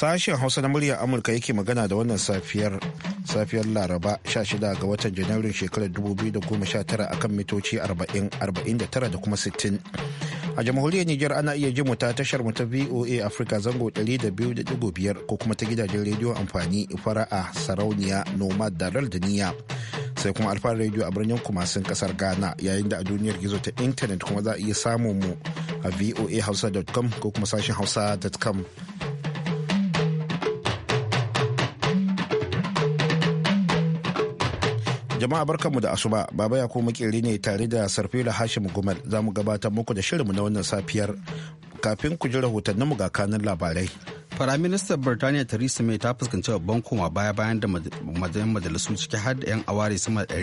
Sashen Hausa na muryar Amurka yake magana da wannan safiyar safiyar Laraba 16 ga watan Janairun shekarar 2019 kan mitoci 40, 49 da kuma 60. a jamhuriyar niger ana iya jin ta tashar mu ta VOA Africa zango 200.5 ko kuma ta gidajen rediyo amfani fara'a sarauniya nomad da da sai kuma alfa rediyo a birnin kumasin kasar Ghana yayin da a duniyar gizo ta intanet kuma za a iya samun mu a voa voahausa.com ko kuma sashen hausa.com Jama'a barkanmu da asuba, Baba ya kuma makeri ne tare da Sarfila Hashim Gumal za mu gabatar muku da shirinmu na wannan safiyar kafin ku ji rahoton rahotanninmu ga kanin labarai. Firaministan Birtaniya Theresa May ta fuskanci babban koma baya bayan da majalin majalisu ciki har da 'yan aware sama da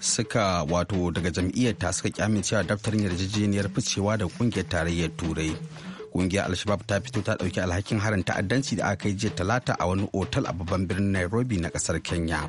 suka wato daga jam'iyyar ta suka kyamincewa daftarin yarjejeniyar ficewa da kungiyar tarayyar Turai. kungiyar alshabab ta fito ta dauki alhakin harin ta'addanci da aka yi jiya talata a wani otal a babban birnin nairobi na kasar kenya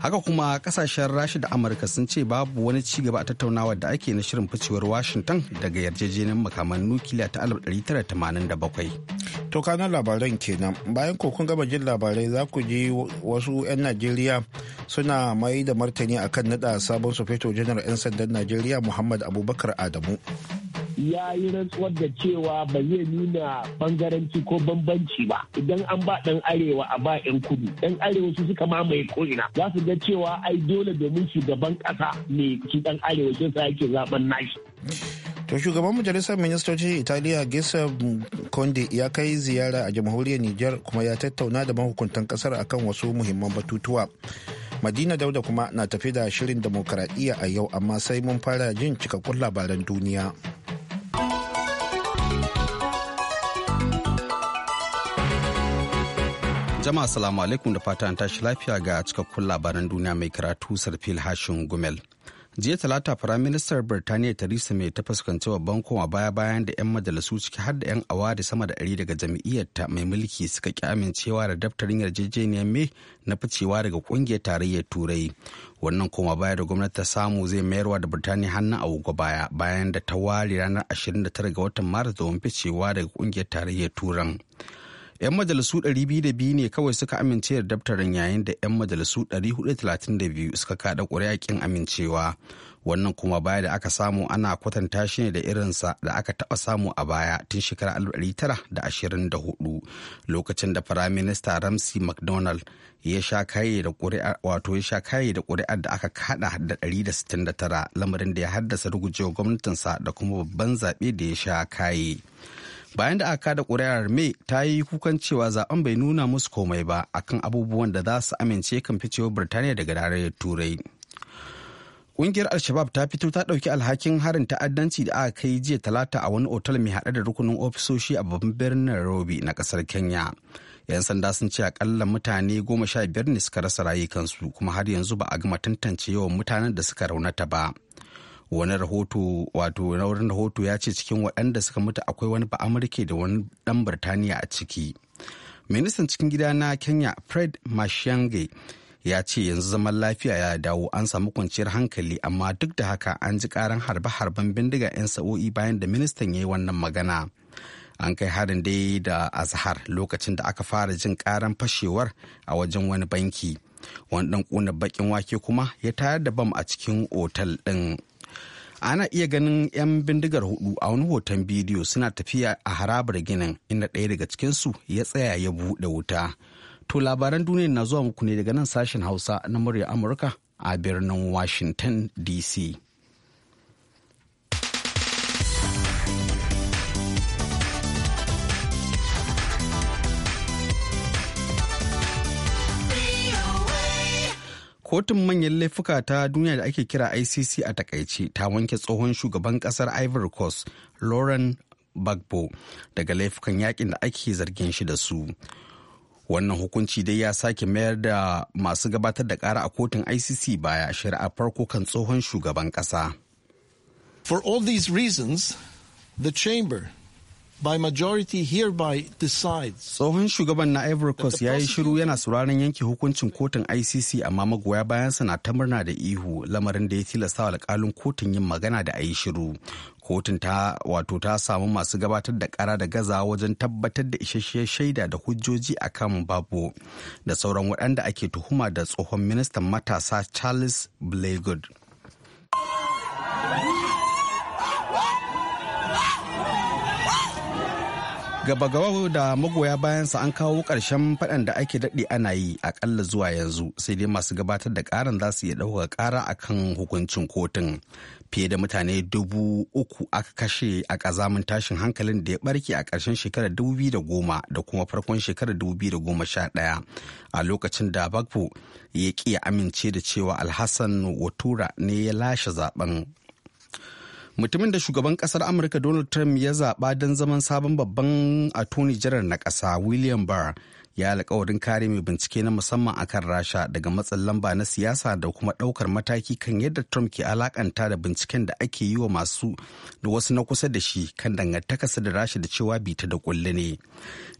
haka kuma kasashen rasha da amurka sun ce babu wani ci gaba a tattaunawa da ake na shirin ficewar washington daga yarjejeniyar makaman nukiliya ta 1987 to kanan labaran kenan bayan ko kun gama jin labarai za ku ji wasu 'yan najeriya suna mai da martani akan nada sabon sufeto janar 'yan sandan najeriya muhammad abubakar adamu ya yi rantsuwar da cewa ba zai nuna bangaranci ko bambanci ba idan an ba dan arewa a ba yan kudu dan arewa su suka mamaye ko'ina za su ga cewa ai dole domin shugaban kasa ne shi dan arewa shi sa yake zaben nashi to shugaban majalisar ministocin italiya gesa conde ya kai ziyara a jamhuriyar niger kuma ya tattauna da mahukuntan kasar akan wasu muhimman batutuwa madina dauda kuma na tafi da shirin demokradiyya a yau amma sai mun fara jin cikakkun labaran duniya Jama'a salamu alaikum da fata tashi lafiya ga cikakkun labaran duniya mai karatu Sarfil Hashin Gumel. Jiya talata Firaministar Birtaniya Theresa May ta fuskanci babban koma baya bayan da 'yan majalisu ciki har da 'yan awa da sama da ɗari daga jam'iyyarta mai mulki suka ki amincewa da daftarin yarjejeniyar May na ficewa daga kungiyar tarayyar Turai. Wannan koma baya da gwamnati ta samu zai mayarwa da Birtaniya hannun agogo baya bayan da ta ware ranar 29 ga watan Maris domin ficewa daga kungiyar tarayyar turai. 'yan majalisu 202 ne kawai suka amince da daftarin yayin da 'yan majalisu 432 suka kada ƙuri'a kin amincewa wannan kuma baya da aka samu ana kwatanta shi ne da irinsa da aka taɓa samu a baya tun shekarar 1924 lokacin da firaminista ramsey mcdonald ya sha kaye da ƙuri'a wato ya sha kaye da ƙuri'ar da aka kada da 169 lamarin da ya haddasa rugujewar gwamnatinsa da kuma babban zaɓe da ya sha kaye. bayan da aka da ƙuri'ar mai ta yi kukan cewa zaben bai nuna musu komai ba akan abubuwan da za su amince kan ficewar birtaniya daga tarayyar turai Ƙungiyar Alshabab ta fito ta ɗauki alhakin harin ta'addanci da aka kai jiya talata a wani otal mai haɗe da rukunin ofisoshi a babban birnin Nairobi na ƙasar Kenya. 'Yan sanda sun ce akalla mutane goma sha biyar ne suka rasa rayukansu kuma har yanzu ba a gama tantance yawan mutanen da suka raunata ba. wani rahoto wato na wurin rahoto ya ce cikin waɗanda suka mutu akwai wani ba da wani ɗan birtaniya a ciki ministan cikin gida na kenya fred mashange ya ce yanzu zaman lafiya ya dawo an samu kwanciyar hankali amma duk da haka an ji karan harbe-harben bindiga 'yan sa'o'i bayan da ministan ya yi wannan magana an kai harin dai da azhar lokacin da aka fara jin karan fashewar a wajen wani banki wani dan kuna bakin wake kuma ya tayar da bam a cikin otal ɗin ana iya ganin 'yan bindigar hudu a wani hoton bidiyo suna tafiya a harabar ginin inda ɗaya daga cikinsu ya tsaya ya buɗe wuta to labaran duniya na zuwa muku ne daga nan sashen hausa na murya amurka a birnin washington dc kotun manyan laifuka ta duniya da ake kira icc a takaice ta wanke tsohon shugaban kasar ivory coast lauren bagbo daga laifukan yakin da ake zargin shi da su wannan hukunci dai ya sake mayar da masu gabatar da kara a kotun icc baya shari'a farko kan tsohon shugaban kasa for all these reasons the chamber by majority hereby decides. Tsohon shugaban na Ivory Coast ya yi shiru yana sauraron yanke hukuncin kotun ICC amma magoya bayansa na ta murna da ihu lamarin da ya tilasta wa alƙalin kotun yin magana da a shiru. Kotun ta wato ta samu masu gabatar da kara da gaza wajen tabbatar da isasshiyar shaida da hujjoji a kan babu da sauran waɗanda ake tuhuma da tsohon ministan matasa Charles Blaygood. gaba gaba da magoya bayansa an kawo ƙarshen faɗan da ake daɗe ana yi akalla zuwa yanzu sai dai masu gabatar da ƙarin za su iya ɗaukaka ƙara akan hukuncin kotun fiye da mutane dubu uku aka kashe a ƙazamin tashin hankalin da ya ɓarke a ƙarshen shekarar dubu da goma da kuma farkon shekarar dubu da goma sha ɗaya a lokacin da bagbo ya ƙi amince da cewa alhassan watura ne ya lashe zaben mutumin da shugaban kasar amurka donald trump ya zaba don zaman sabon babban attorney general na kasa william barr ya alkawarin kare mai bincike na musamman akan rasha daga matsin lamba na siyasa da kuma daukar mataki kan yadda trump ke alakanta da binciken da ake yi wa masu da wasu na kusa da shi kan dangantakarsa da rasha da cewa bita da kulle ne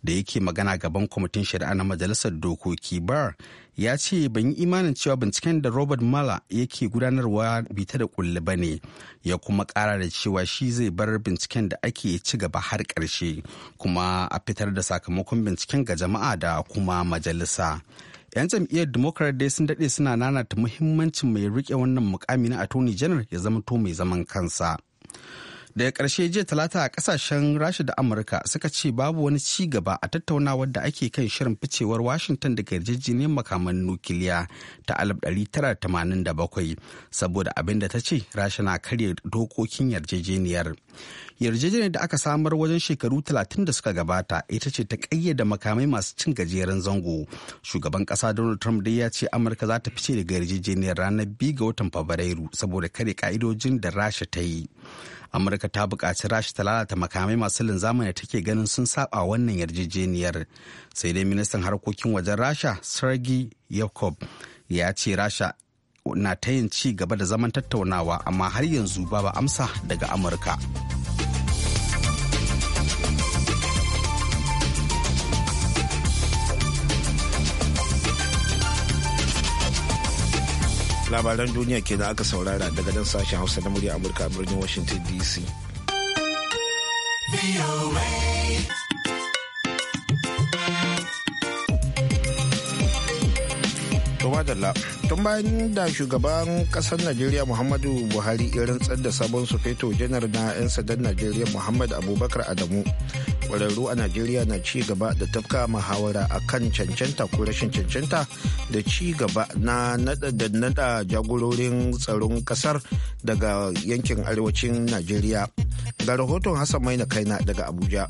da yake magana gaban kwamitin shari'a na majalisar dokoki bar ya ce ban yi imanin cewa binciken da robert mala yake gudanarwa bita da kulli ba ne ya kuma kara da cewa shi zai bar binciken da ake ci gaba har ƙarshe kuma a fitar da sakamakon binciken ga jama'a da kuma majalisa 'yan jam'iyyar democrat dai sun daɗe suna nanata muhimmancin mai riƙe wannan mukami na attorney general ya zama to mai zaman kansa daga karshe jiya talata a kasashen rasha da amurka suka ce babu wani ci gaba a tattaunawar da ake kan shirin ficewar washington daga yarjejeniyar makaman nukiliya ta 1987 saboda abin da ta ce rasha na karya dokokin yarjejeniyar yarjejeniyar da aka samar wajen shekaru 30 da suka gabata ita ce ta ƙayyada makamai masu cin gajeren zango shugaban ƙasa donald trump dai ya ce amurka za ta fice daga yarjejeniyar ranar 2 ga watan fabrairu saboda kare ka'idojin da rasha ta yi amurka ta bukaci rashi ta lalata makamai masu linzamin da take ganin sun saba wannan yarjejeniyar sai dai ministan harkokin wajen rasha sergi yakob ya ce rasha na ta yin ci gaba da zaman tattaunawa amma har yanzu babu amsa daga amurka. labaran duniya ke da aka saurara daga nan sashen hausa na murya amurka a birnin washington dc tun bayan da shugaban kasar Najeriya Muhammadu Buhari irin rantsar da sabon sufeto janar na 'yan sadar Najeriya Muhammad Abubakar Adamu ƙwararru a najeriya na ci gaba da tafka muhawara a kan cancanta ko rashin cancanta da ci gaba na nada jagororin tsaron ƙasar daga yankin arewacin najeriya ga rahoton hassan mai maina kaina daga abuja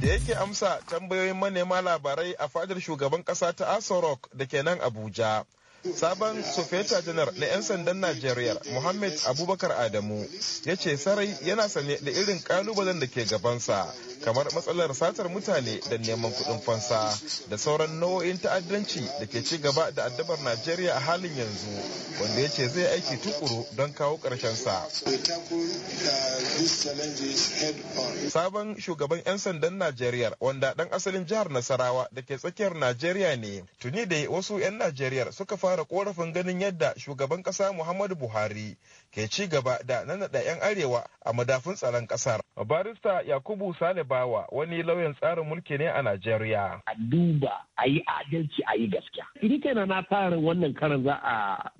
da yake amsa tambayoyin manema labarai a fadar shugaban ƙasa ta asorok da ke nan abuja sabon sufeta janar na 'yan sandan najeriya muhammad abubakar adamu ya ce sarai yana sane da irin kalubalen da ke gabansa kamar matsalar satar mutane da neman kuɗin fansa da sauran nau'o'in ta'addanci da ke ci gaba da addabar najeriya a halin yanzu wanda ya ce zai aiki tukuru don kawo sa. sabon shugaban 'yan sandan najeriya wanda ɗan asalin jihar nasarawa da ke tsakiyar najeriya ne tuni da wasu 'yan najeriya suka fara fara korafin ganin yadda shugaban kasa Muhammadu Buhari ke ci gaba da nanada 'yan arewa a madafin tsaron kasar. Barista Yakubu Salibawa wani lauyan tsarin mulki ne a Najeriya. A duba a yi adalci a yi gaskiya. Ni na fara wannan karan za a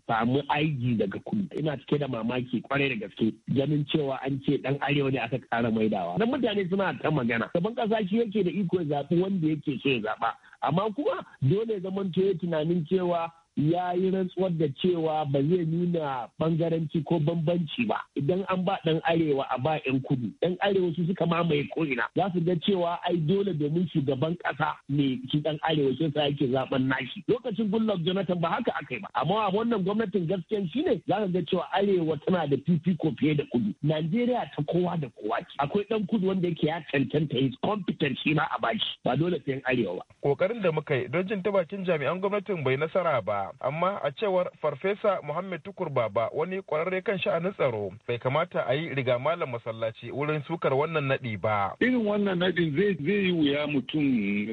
samu aiki daga kudu. Ina cike da mamaki kwarai da gaske ganin cewa an ce dan arewa ne aka kara maidawa. Dan mutane suna ta magana. Gaban kasa shi yake da iko zaɓi wanda yake so ya zaɓa. Amma kuma dole zamanto ya tunanin cewa ya yi rantsuwar da cewa ba zai nuna bangaranci ko bambanci ba idan an ba dan arewa a ba yan kudu yan arewa su suka mamaye ko'ina za su ga cewa ai dole domin shugaban kasa ne shi dan arewa shi sa yake zaben nashi lokacin goodluck jonathan ba haka aka yi ba amma a wannan gwamnatin gaskiyan shine za ga cewa arewa tana da fifi ko fiye da kudu najeriya ta kowa da kowa ce akwai dan kudu wanda yake ya cancanta his competent shi ma a bashi ba dole sai yan arewa ba kokarin da muka yi don jin ta bakin jami'an gwamnatin bai nasara ba amma a cewar farfesa muhammed tukur baba wani kwararre kan sha'anin tsaro bai kamata a yi riga malam masallaci wurin sukar wannan nadi ba irin wannan nadin zai yi wuya mutum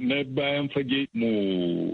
na bayan fage mu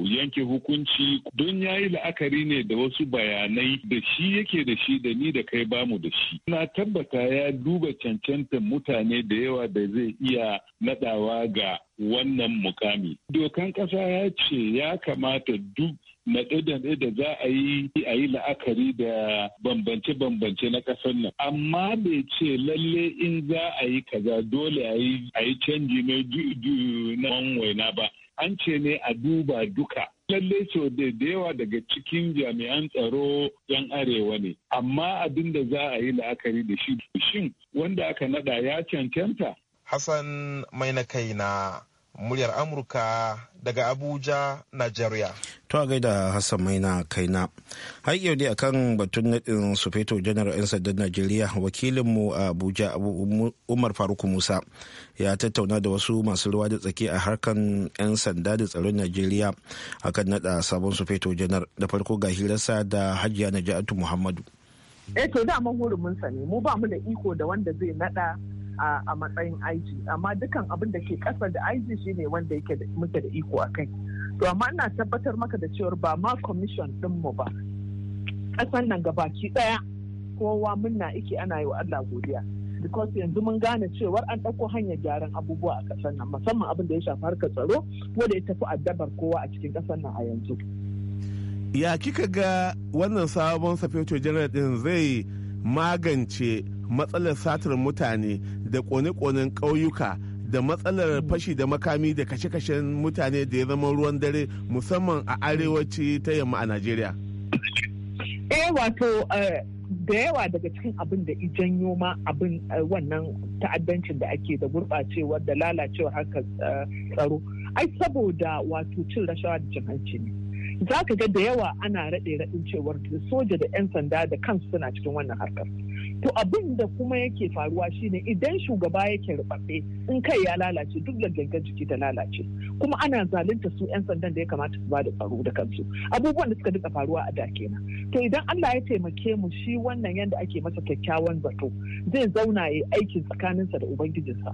yanke hukunci don ya yi la'akari ne da wasu bayanai da shi yake da shi da ni da kai bamu da shi na tabbata ya duba cancantan mutane da yawa da zai iya naɗawa ga wannan mukami. Dokan ƙasa ya ce ya kamata duk naɗe da za a yi a yi la'akari da bambance-bambance na ƙasar nan amma bai ce lalle in za a yi kaza dole a yi canji na waina ba an ce ne a duba duka lallai so da yawa daga cikin jami'an tsaro 'yan arewa ne amma abin da za a yi la'akari da shi shin wanda aka nada ya cancanta hassan mai na kaina muryar amurka daga abuja nigeria to a gaida hassan maina kaina har yau dai akan batun naɗin sufeto janar 'yan sandan najeriya wakilinmu a abuja umar faruk musa ya tattauna da wasu masu ruwa da tsaki a harkan 'yan sanda da tsaron najeriya akan naɗa sabon sufeto janar da farko ga hirarsa da hajiya najatu muhammadu eh to daman sa ne mu ba mu da iko da wanda zai nada a matsayin IG amma dukan abin da ke kasa da IG shine wanda yake muke da iko a to amma ina tabbatar maka da cewa ba ma commission din mu ba kasan nan gabaki daya kowa munna ike ana yi wa Allah godiya because yanzu mun gane cewa an ɗauko hanyar gyaran abubuwa a ƙasar nan musamman abin da ya shafi harkar tsaro wanda ya tafi addabar kowa a cikin ƙasar nan a yanzu. ya kika ga wannan sabon safeto janar din zai magance matsalar satar mutane da kone-konen ƙauyuka da matsalar fashi da makami da kashe-kashen mutane da ya zama ruwan dare musamman a arewaci ta yamma a najeriya eh wato eh, da yawa daga cikin abin da janyo ma abin eh, wannan ta'addancin da ake da gurɓacewar da lalacewa haka eh, tsaro ai saboda wato cin rashawa da cin hanci ne za ka ga da yawa ana raɗe raɗin cewar soja da 'yan sanda da kansu suna cikin wannan harkar To abin da kuma yake faruwa shine idan shugaba yake rubatse in kai ya lalace duk gangan jiki ta lalace kuma ana zalunta su 'yan sandan da ya kamata su ba da tsaro da kansu abubuwan da suka duka faruwa a da kenan to idan Allah ya taimake mu shi wannan yadda ake masa kyakkyawan zato zai zauna ya aikin tsakaninsa da ubangijinsa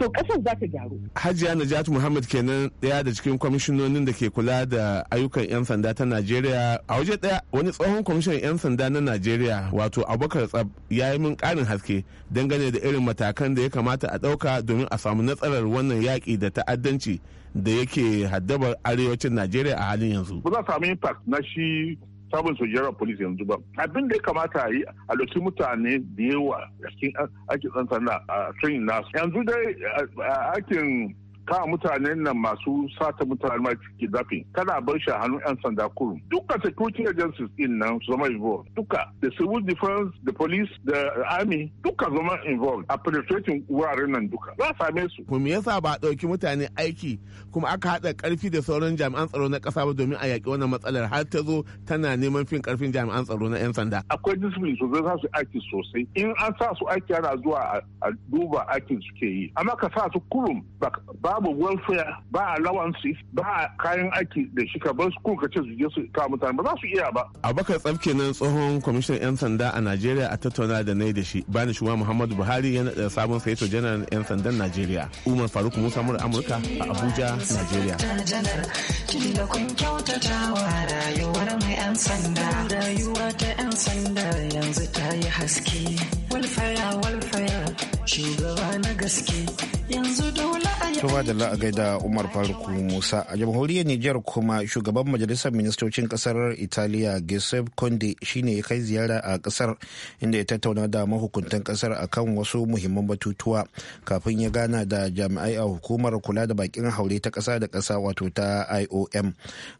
to kasar za ta gyaru Hajiya Najatu Muhammad kenan ɗaya da cikin kwamishinonin da ke kula da ayyukan 'yan sanda ta Najeriya a waje ɗaya wani tsohon kwamishinan 'yan sanda na Najeriya wato Abubakar Tsab ya yi min ƙarin haske dangane da irin matakan da ya kamata a ɗauka domin a samu natsarar wannan yaƙi da ta'addanci da yake haddabar arewacin najeriya a halin yanzu ba za samu impact na shi samun sojiyarar polisi yanzu ba abin da ya kamata a yi a lokacin mutane da yawa a cikin aikin tsantsana a training nasu yanzu dai aikin ka mutanen nan masu sata mutane ma Kada kana bar shi a hannun yan sanda kurum duka security agencies din nan su zama involved duka the civil defense the police the army duka zama involved a penetrating wuraren nan duka za same su me yasa ba dauki mutane aiki kuma aka hada karfi da sauran jami'an tsaro na kasa ba domin a yaki wannan matsalar har ta zo tana neman fin karfin jami'an tsaro na yan sanda akwai discipline sosai za su aiki sosai in an sa su aiki ana zuwa a duba aikin suke yi amma ka sa su kurum ba babu welfare ba allowances ba kayan aiki da shi ka bar su ka ce su je su ka mutane ba za su iya ba abakar tsabke nan tsohon kwamishinan yan sanda a najeriya a tattauna da nai da shi bani shuwa muhammadu buhari yana da sabon saito janar yan sandan najeriya umar faruk musa mura amurka a abuja najeriya na gaske yanzu don Tuba da la'agai da Umar farko Musa a jamhuriyar Nijar kuma shugaban majalisar ministocin kasar Italiya Giuseppe Conte shine ya kai ziyara a kasar inda ya tattauna da mahukuntan kasar kan wasu muhimman batutuwa kafin ya gana da jami'ai a hukumar kula da bakin haure ta kasa da kasa wato ta IOM.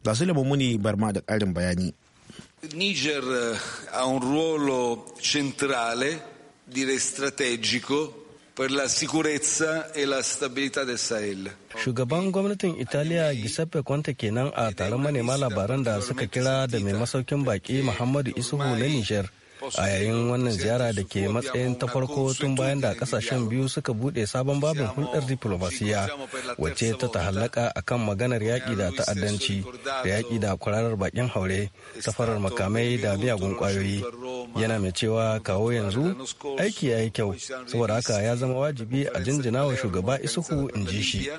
Ga su muni barma da karin bayani. Niger eh, ha un ruolo centrale dire strategico E Shugaban gwamnatin Italiya Giuseppe Conte kenan a taron manema labaran da suka kira da mai masaukin baki Muhammadu Isuhu na niger. a yayin wannan ziyara da ke matsayin ta farko tun bayan da kasashen biyu suka bude sabon babin hulɗar diplomasiya wacce ta tahallaka a kan maganar yaƙi da ta'addanci da yaƙi da kwararar bakin haure safarar makamai da miyagun ƙwayoyi yana mai cewa kawo yanzu aiki ya yi kyau saboda haka ya zama wajibi a jinjina wa shugaba isuhu in ji shi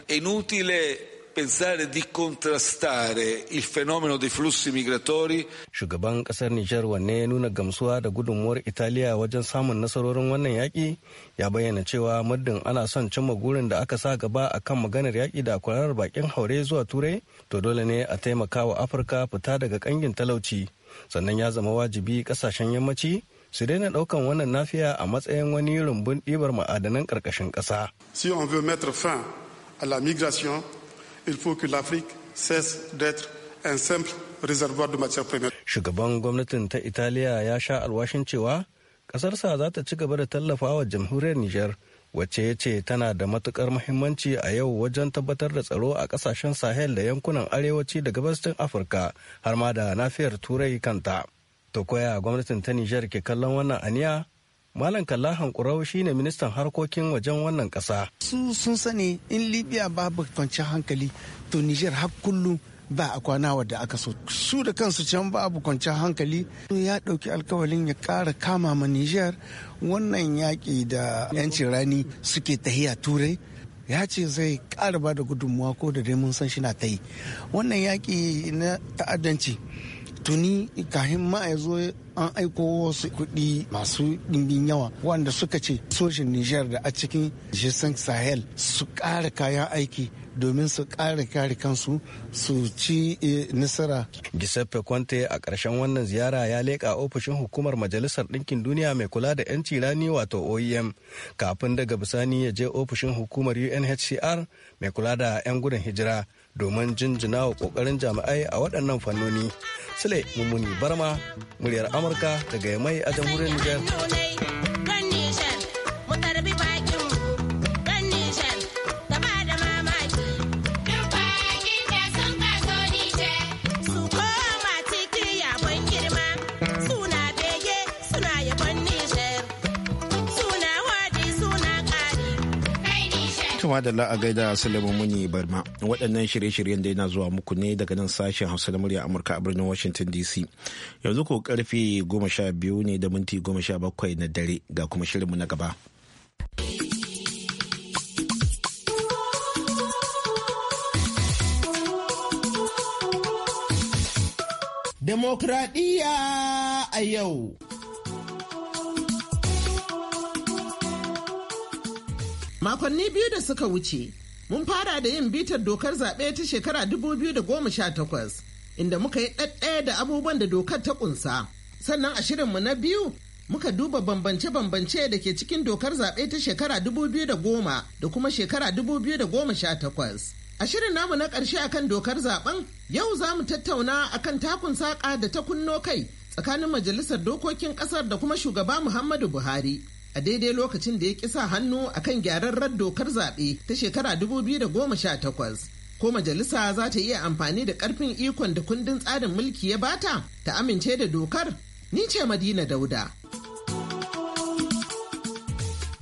pensare di contrastare il fenomeno dei flussi migratori. Shugaban kasar Nijar wanne ya nuna gamsuwa da gudunmuwar Italiya wajen samun nasarorin wannan yaƙi ya bayyana cewa muddin ana son cimma gurin da aka sa gaba a kan maganar yaƙi da kwararar bakin haure zuwa turai to dole ne a taimaka wa Afirka fita daga kangin talauci sannan ya zama wajibi kasashen yammaci su daina daukan wannan nafiya a matsayin wani rumbun ɗibar ma'adanan ƙarƙashin ƙasa. Si on veut mettre fin à la migration, Il faut que l'Afrique cesse d'être un simple réservoir de matières premières. Shugaban gwamnatin ta Italiya ya sha alwashin cewa ƙasarsa za ta ci gaba da tallafawa jamhuriyar Nijar wacce ya ce tana da matukar muhimmanci a yau wajen tabbatar da tsaro a kasashen sahel da yankunan arewaci da gabashin afirka har ma da nafiyar turai kanta to koya gwamnatin ta nijar ke kallon wannan aniya Malam Kalla Hankurau shine ministan harkokin wajen wannan ƙasa. Su sun sani in Libya babu kwanciyar hankali to niger har kullum ba a kwana wadda aka so. Su da kansu can babu kwanciyar hankali ya ɗauki alkawalin ya kara kama ma niger wannan yaƙi da 'yancin rani suke tahiya turai ya ce zai ƙara ba da gudunmuwa ko da dai mun san shi na ta yi. Wannan yaƙi na ta'addanci tuni kahin ma zo an aiko wasu kuɗi masu ɗimbin yawa wanda suka ce sojin Nijar da a cikin jisan Sahel su ƙara kayan aiki domin su ƙara kare kansu su ci eh, nasara. Giuseppe Conte a ƙarshen wannan ziyara ya leka ofishin hukumar Majalisar Ɗinkin Duniya mai kula da 'yanci rani wato OEM kafin daga bisani ya je ofishin hukumar UNHCR mai kula da 'yan gudun hijira domin jinjina wa kokarin jami'ai a waɗannan fannoni. Sule Mummuni Barma, muryar Amurka daga Yamai a jamhuriyar Nijar. da la'a gaida Suleiman Muni Barma. Waɗannan shirye-shiryen da yana zuwa muku ne daga nan sashen Hausa na murya Amurka a birnin Washington DC. Yanzu ko karfe goma sha biyu ne da minti goma sha bakwai na dare ga kuma shirinmu na gaba. Demokradiyya a yau. Makonni biyu da suka wuce, mun fara da yin bitar dokar zaɓe ta shekara 2018 inda muka yi ɗaɗɗaya da abubuwan da dokar ta ƙunsa. Sannan a shirinmu na biyu muka duba bambance-bambance da ke cikin dokar zaɓe ta shekara 2010 da kuma shekara 2018. A shirin namu na ƙarshe akan dokar zaɓen, yau za mu tattauna akan takun saƙa da ta kunno kai tsakanin majalisar dokokin ƙasar da kuma shugaba Muhammadu Buhari. a daidai lokacin da ya kisa hannu a akan gyararren dokar zaɓe ta shekara 2018 ko majalisa za ta iya amfani da ƙarfin ikon da kundin tsarin mulki ya bata ta amince da dokar ni ce madina dauda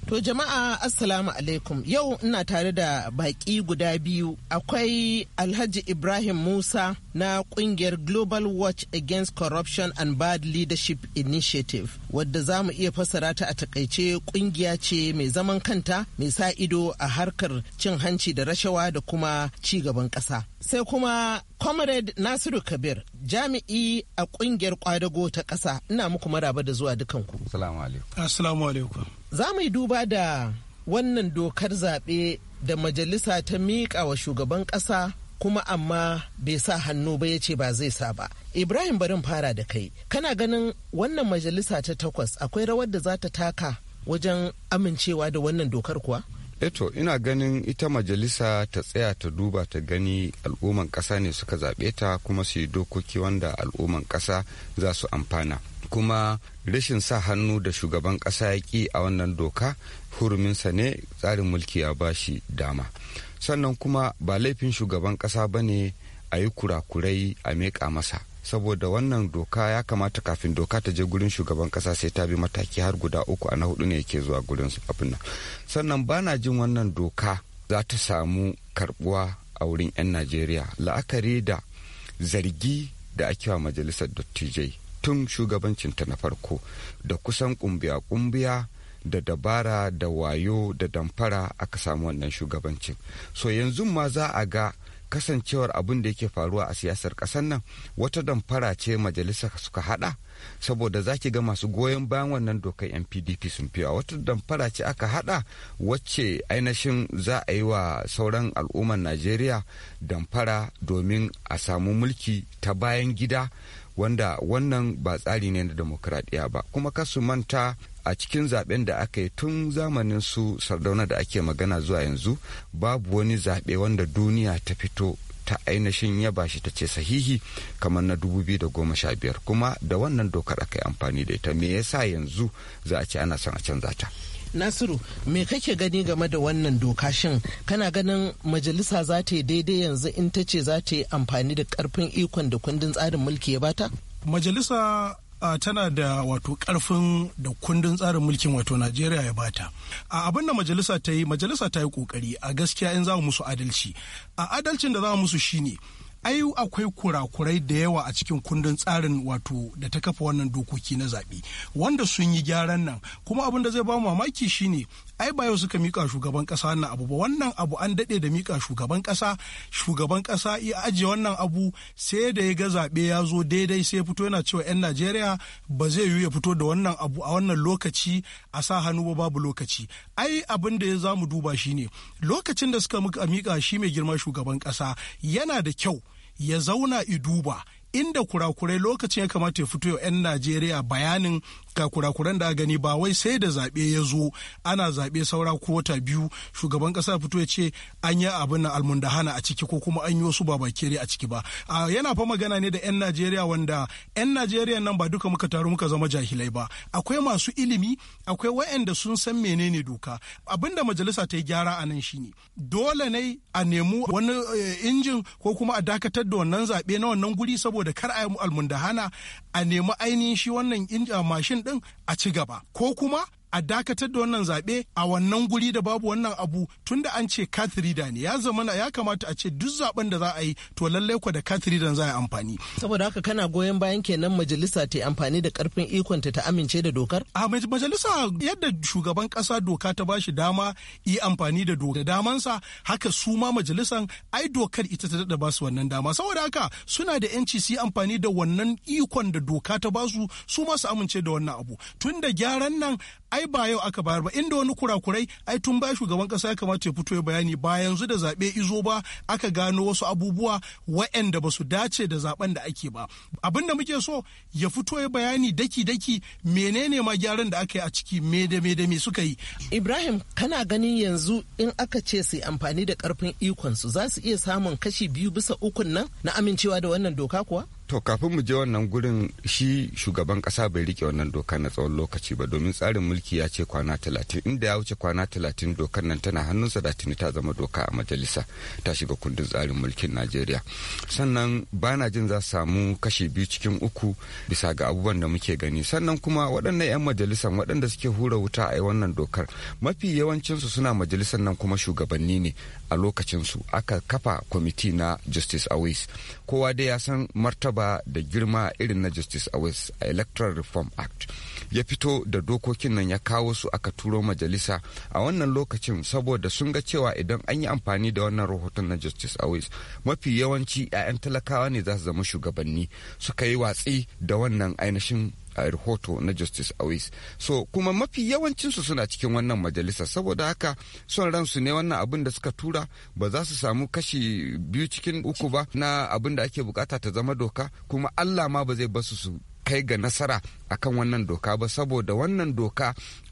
To jama'a assalamu alaikum yau ina tare da baƙi guda biyu akwai Alhaji Ibrahim Musa na ƙungiyar Global Watch Against Corruption and Bad Leadership Initiative wadda za mu iya fassara ta a takaice ƙungiya ce mai zaman kanta mai sa ido a harkar cin hanci da rashawa da kuma ci gaban ƙasa. Sai kuma Comrade Nasiru Kabir jami'i a ƙungiyar ƙwadago ta ƙasa ina muku maraba da zuwa dukanku. Assalamu alaikum. Assalamu alaikum. za mu yi duba da wannan dokar zaɓe da majalisa ta miƙa wa shugaban ƙasa kuma amma bai sa hannu ba ya ce ba zai sa ba ibrahim barin fara da kai kana ganin wannan majalisa ta takwas akwai rawar da za ta taka wajen amincewa da wannan dokar kuwa eto eh ina ganin ita majalisa ta tsaya ta duba ta gani al'umman ƙasa ne suka zaɓe ta kuma su yi dokoki wanda al'umman ƙasa za su amfana kuma rashin sa hannu da shugaban ƙasa ya ƙi a wannan doka huruminsa ne tsarin mulki ya ba shi dama sannan kuma ba laifin shugaban ƙasa ba ne a yi kurakurai a meƙa masa saboda wannan doka ya kamata kafin doka ta je gurin shugaban kasa sai ta bi mataki har guda uku a na hudu ne yake zuwa gurin abin nan sannan ba na jin wannan doka za ta samu karbuwa a wurin 'yan najeriya la'akari da zargi da ake wa majalisar dattijai tun shugabancinta na farko da kusan kumbiya-kumbiya da dabara da wayo da damfara aka samu wannan shugabancin so yanzu ma za a ga kasancewar abin da yake faruwa a siyasar ƙasar nan wata damfara ce majalisa suka hada saboda za ki ga masu goyon bayan wannan dokar mpdp sun fiwa wata damfara ce aka hada wacce ainihin za a yi wa sauran al'ummar najeriya damfara domin a samu mulki ta bayan gida wanda wannan ba tsari ne na demokradiyya ba kuma kasu manta a cikin zaɓen da aka yi tun zamanin su sardauna da ake magana zuwa yanzu babu wani zaɓe wanda duniya ta fito ta ainihin ba shi ta ce sahihi kamar na 2015 kuma da wannan dokar aka yi amfani da ita me yasa yanzu za a ce ana son a canza ta nasiru me kake gani game da wannan doka shin kana ganin majalisa za ta yi daidai yanzu in ta ce za ta yi amfani da karfin ikon da kundin tsarin mulki ya bata majalisa Uh, tana da wato karfin da kundin tsarin mulkin wato najeriya ya bata a abin da majalisa ta yi majalisa ta yi kokari a gaskiya in za mu musu adalci a adalcin da za mu musu shine ai akwai kurakurai da yawa a cikin kundin tsarin wato da ta kafa wannan dokoki na zaɓe wanda sun yi gyaran nan kuma abin da zai ba mamaki shine ai ba yau suka mika shugaban kasa wannan abu ba wannan abu an daɗe da mika shugaban kasa shugaban kasa ya ajiye wannan abu sai da ya ga zaɓe ya zo daidai sai ya fito yana cewa 'yan najeriya ba zai yiwu ya fito da wannan abu a wannan lokaci a sa hannu ba babu lokaci ai abin da ya za mu duba shine lokacin da suka mika shi mai girma shugaban kasa yana da kyau ya zauna i duba inda kurakurai lokacin ya kamata ya fito 'yan najeriya bayanin ga kurakuran da gani ba wai sai da zaɓe ya zo ana zaɓe saura kota biyu shugaban ƙasa fito ya ce an yi abin na almundahana a ciki ko kuma an yi wasu babakere a ciki ba yana fa magana ne da 'yan najeriya wanda 'yan najeriya nan ba duka muka taru muka zama jahilai ba akwai masu ilimi akwai wayanda sun san menene doka abin da majalisa ta yi gyara a nan shine dole ne a nemi wani eh, injin ko kuma a dakatar da wannan zaɓe na wannan guri saboda kar a yi almundahana a nemi ainihin shi wannan mashin din a ci gaba ko kuma a dakatar da wannan zaɓe a wannan guri da babu wannan abu tun da an ce kathrida ne ya zamana ya kamata a ce duk zaɓen da za a yi to lallai ko da kathridan za a amfani. Saboda haka kana goyon bayan kenan majalisa ta amfani da karfin ikonta ta amince da dokar? A majalisa yadda shugaban kasa doka ta bashi dama yi amfani da doka Da damansa haka su ma majalisan ai dokar ita ta dada basu wannan dama saboda haka suna da yanci su yi amfani da wannan ikon da doka ta basu su ma su amince da wannan abu tun da gyaran nan ai ba yau aka bayar ba inda wani kurakurai ai tun ba shugaban kasa ya kamata ya fito ya bayani ba yanzu da zaɓe izo ba aka gano wasu abubuwa waɗanda ba su dace da zaben da ake ba abin da muke so ya fito ya bayani daki daki menene ma gyaran da aka yi a ciki me da me da me suka yi ibrahim kana ganin yanzu in aka ce su amfani da karfin ikon su za su iya samun kashi biyu bisa ukun nan na amincewa da wannan doka kuwa To kafin mu je wannan gurin shi shugaban kasa bai rike wannan doka na tsawon lokaci ba domin tsarin mulki ya ce kwana talatin inda ya wuce kwana talatin dokar nan tana hannunsa da tuni ta zama doka a majalisa ta shiga kundin tsarin mulkin Najeriya. Sannan bana jin za su samu kashi biyu cikin uku bisa ga abubuwan da muke gani sannan kuma waɗannan 'yan majalisan waɗanda suke hura wuta a yi wannan dokar mafi yawancinsu suna majalisan nan kuma shugabanni ne a lokacinsu aka kafa kwamiti na Justice Awis kowa dai ya san martaba martaba da girma irin na justice awes a electoral reform act ya fito da dokokin nan ya kawo su aka turo majalisa a wannan lokacin saboda sun ga cewa idan an yi amfani da wannan rahoton na justice always mafi yawanci 'ya'yan talakawa ne za su zama shugabanni suka yi watsi da wannan ainihin a rahoto na justice awis so kuma mafi yawancinsu suna cikin wannan majalisa saboda haka son ransu ne wannan abin da suka tura ba za su samu kashi biyu cikin uku ba na abin da ake bukata ta zama doka kuma allah ma ba zai basu su kai ga nasara akan wannan doka ba saboda wannan doka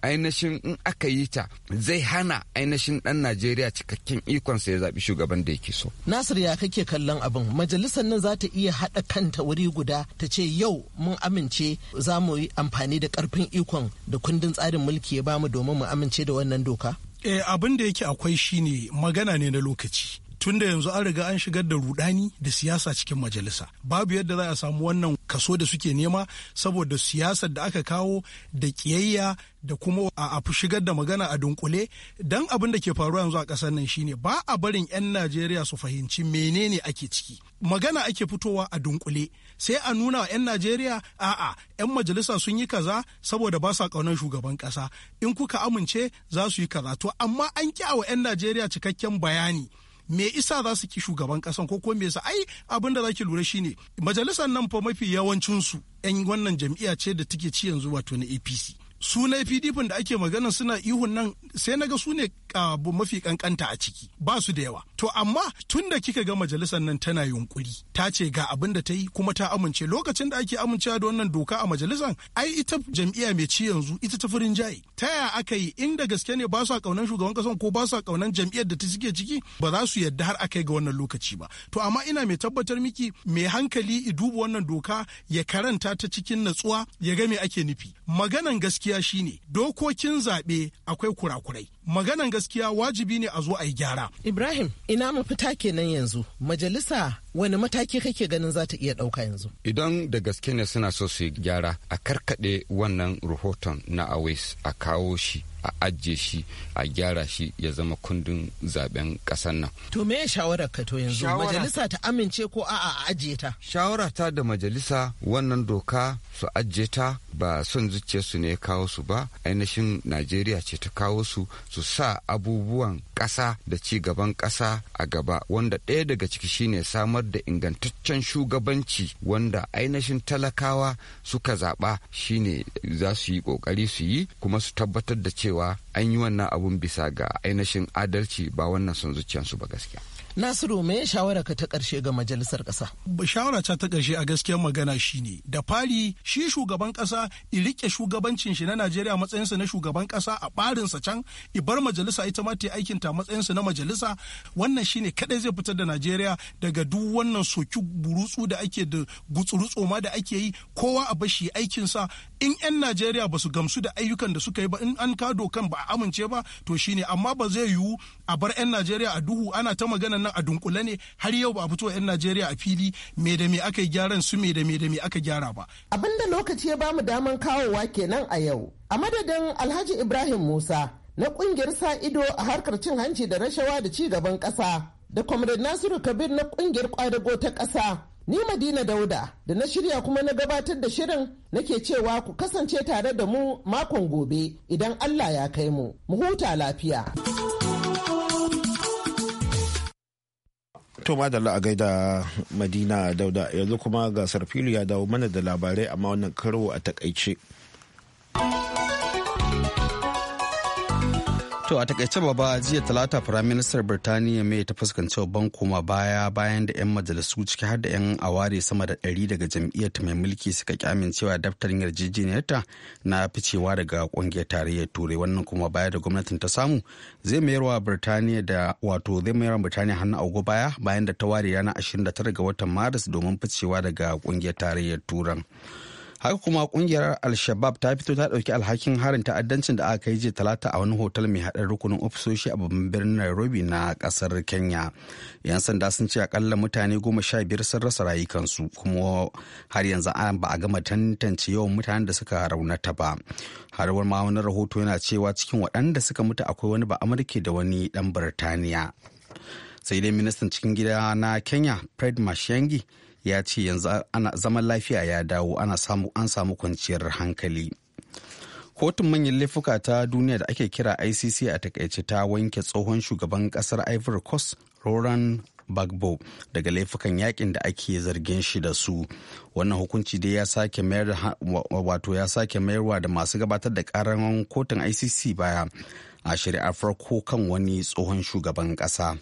ainihin in aka yi ta zai hana ainihin dan najeriya cikakken ikonsa ya zaɓi shugaban da yake so nasir ya kake kallon abin majalisar nan za ta iya haɗa kanta wuri guda ta ce yau mun amince za mu yi amfani da ƙarfin ikon da kundin tsarin mulki ya bamu domin mu amince da wannan doka eh, abin da yake akwai shine magana ne na lokaci tun da yanzu an riga an shigar da rudani da siyasa cikin majalisa babu yadda za a samu wannan kaso da suke nema saboda siyasar da aka kawo da kiyayya da kuma a shigar da magana a dunkule dan abin da ke faruwa yanzu a kasar nan shine ba a barin 'yan najeriya su fahimci menene ake ciki magana ake fitowa a dunkule sai a nuna wa 'yan najeriya a'a 'yan majalisa sun yi kaza saboda ba sa ƙaunar shugaban ƙasa in kuka amince za su yi kaza to amma an kyawa wa 'yan najeriya cikakken bayani me isa za su ki shugaban kasan ko ko me yasa ai abin da zaki lura shine majalisar nan fa mafi yawancinsu. su yan wannan jam'iyya ce da take ci yanzu wato na APC su na PDP da ake magana suna ihun nan sai naga su ne ah, mafi kankanta a ciki ba su da yawa to amma tun da kika ga majalisar nan tana yunkuri ta ce ga abin da ta yi kuma ta amince lokacin da ake amincewa da wannan doka a majalisar ai ita jam'iyya mai ci yanzu ita ta furin jaye ta yaya aka yi inda gaske ne ba su kaunan shugaban kasan ko ba su a kaunan jam'iyyar da ta suke ciki ba za su yadda har aka yi ga wannan lokaci ba to amma ina mai tabbatar miki mai hankali i duba wannan doka ya karanta ta cikin natsuwa ya ga me ake nufi maganan gaskiya shine dokokin zaɓe akwai kurakurai maganan gaskiya wajibi ne a zo a yi gyara ibrahim ina mafita kenan yanzu majalisa wani mataki kake ganin za ta iya ɗauka yanzu idan da gaske ne suna so su yi gyara a karkaɗe wannan rahoton na awais a kawo shi a ajiye shi a gyara shi ya zama kundin zaben kasan nan. To me shawarar ka to yanzu majalisa ta amince ko a'a a ajiye ta? Shawara ta da majalisa wannan doka su ajiye ta ba son zuciyarsu ne kawo su ba ainihin Najeriya ce ta kawo su su sa abubuwan ƙasa da ci gaban ƙasa a gaba wanda ɗaya daga ciki shine samar da ingantaccen shugabanci wanda ainihin talakawa suka zaɓa shine za su yi ƙoƙari su yi kuma su tabbatar da cewa cewa an yi wannan abun bisa ga ainihin adalci ba wannan son zuciyansu ba gaskiya Nasiru me shawara ka ta ƙarshe ga majalisar ƙasa? Shawara ta ta ƙarshe a gaskiyar magana shine da fari shi shugaban ƙasa i rike shugabancin shi na Najeriya matsayinsa na shugaban ƙasa a barinsa can i bar majalisa ita ma ta aikin ta matsayinsa na majalisa wannan shine kaɗai zai fitar da Najeriya daga duk wannan soki burutsu da ake da gutsurutso ma da ake yi kowa a bashi aikinsa in 'yan Najeriya ba su gamsu da ayyukan da suka yi ba in an ka dokan ba amince ba to shine amma ba zai yiwu a bar 'yan najeriya a duhu ana ta magana nan a dunkule ne har yau ba a fito 'yan najeriya a fili me da me aka yi gyaran su me da me da me aka gyara ba abinda lokaci ya bamu daman kawowa kenan a yau a madadin alhaji ibrahim musa na kungiyar sa ido a harkar cin hanci da rashawa da ci gaban kasa da comrade nasiru kabir na kungiyar kwadago ta kasa Ni Madina Dauda da na shirya kuma na gabatar da shirin nake cewa ku kasance tare da mu makon gobe idan Allah ya kai mu. Mu huta lafiya. To madalla a gaida Madina Dauda yanzu kuma gasar fili ya dawo mana da labarai amma wannan karo a takaice. To a takaice baba jiya talata firaministar Birtaniya mai ta fuskanci babban koma baya bayan da 'yan majalisu ciki har da 'yan aware sama da 100 daga jam'iyyar mai mulki suka ki amincewa daftarin yarjejeniyarta na ficewa daga kungiyar tarayyar turai wannan kuma baya da gwamnatin ta samu zai mayarwa Birtaniya da wato zai mayarwa Birtaniya hannu agogo baya bayan da ta ware ranar 29 ga watan Maris domin ficewa daga kungiyar tarayyar turan. haka kuma kungiyar al-shabab ta fito ta dauki alhakin harin ta'addancin da aka yi jiya talata a wani hotel mai haɗar rukunin ofisoshi a babban birnin nairobi na kasar kenya yan sanda sun ce akalla mutane goma sha biyar sun rasa rayukansu kuma har yanzu ba a gama tantance yawan mutanen da suka raunata ba har ma wani rahoto yana cewa cikin waɗanda suka mutu akwai wani ba amurke da wani dan birtaniya sai dai ministan cikin gida na kenya fred mashangi ya ce yanzu ana zaman lafiya ya dawo ana samu an samu kwanciyar hankali kotun manyan laifuka ta duniya da ake kira icc a takaice ta wanke tsohon shugaban kasar ivory coast roran bagbo daga laifukan yakin da ake zargin shi da su wannan hukunci dai ya sake mayar wato ya sake mayarwa da masu gabatar da karan kotun icc baya a shari'ar farko kan wani tsohon shugaban kasa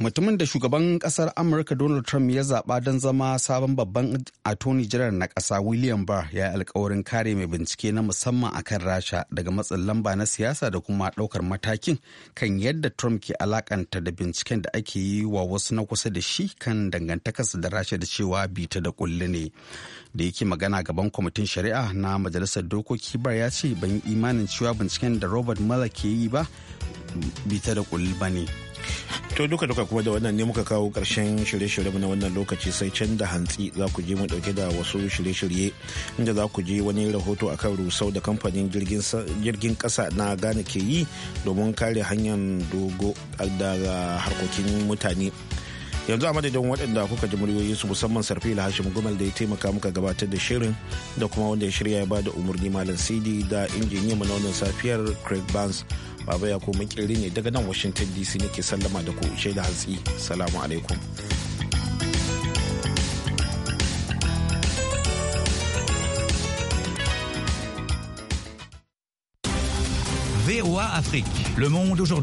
mutumin da shugaban kasar amurka donald trump ya zaba don zama sabon babban attorney general na kasa william barr ya yi alkawarin kare mai bincike na musamman akan rasha daga matsin lamba na siyasa da kuma daukar matakin kan yadda trump ke alakanta da binciken da ake yi wa wasu na kusa da shi kan dangantakarsa da rasha da cewa bita da kulli ne da yake magana gaban kwamitin shari'a na majalisar dokoki bar ya ce ban yi imanin cewa binciken da robert mueller ke yi ba bita da kulli ba ne to duka duka kuma da wannan ne muka kawo karshen shirye-shirye na wannan lokaci sai can da hantsi za ku je mu dauke da wasu shirye-shirye inda za ku je wani rahoto a kan rusau da kamfanin jirgin kasa na gane ke yi domin kare hanyar dogo daga harkokin mutane yanzu a madadin waɗanda kuka ji muryoyi su musamman sarfi hashim gumal da ya taimaka muka gabatar da shirin da kuma wanda ya shirya ya bada umarni malam sidi da injiniyan na wannan safiyar craig barnes Baba ya kuma kirri ne daga nan Washington DC nake sallama da ku da hatsi. Salamu alaikum. VOA Afrique, le monde aujourd'hui.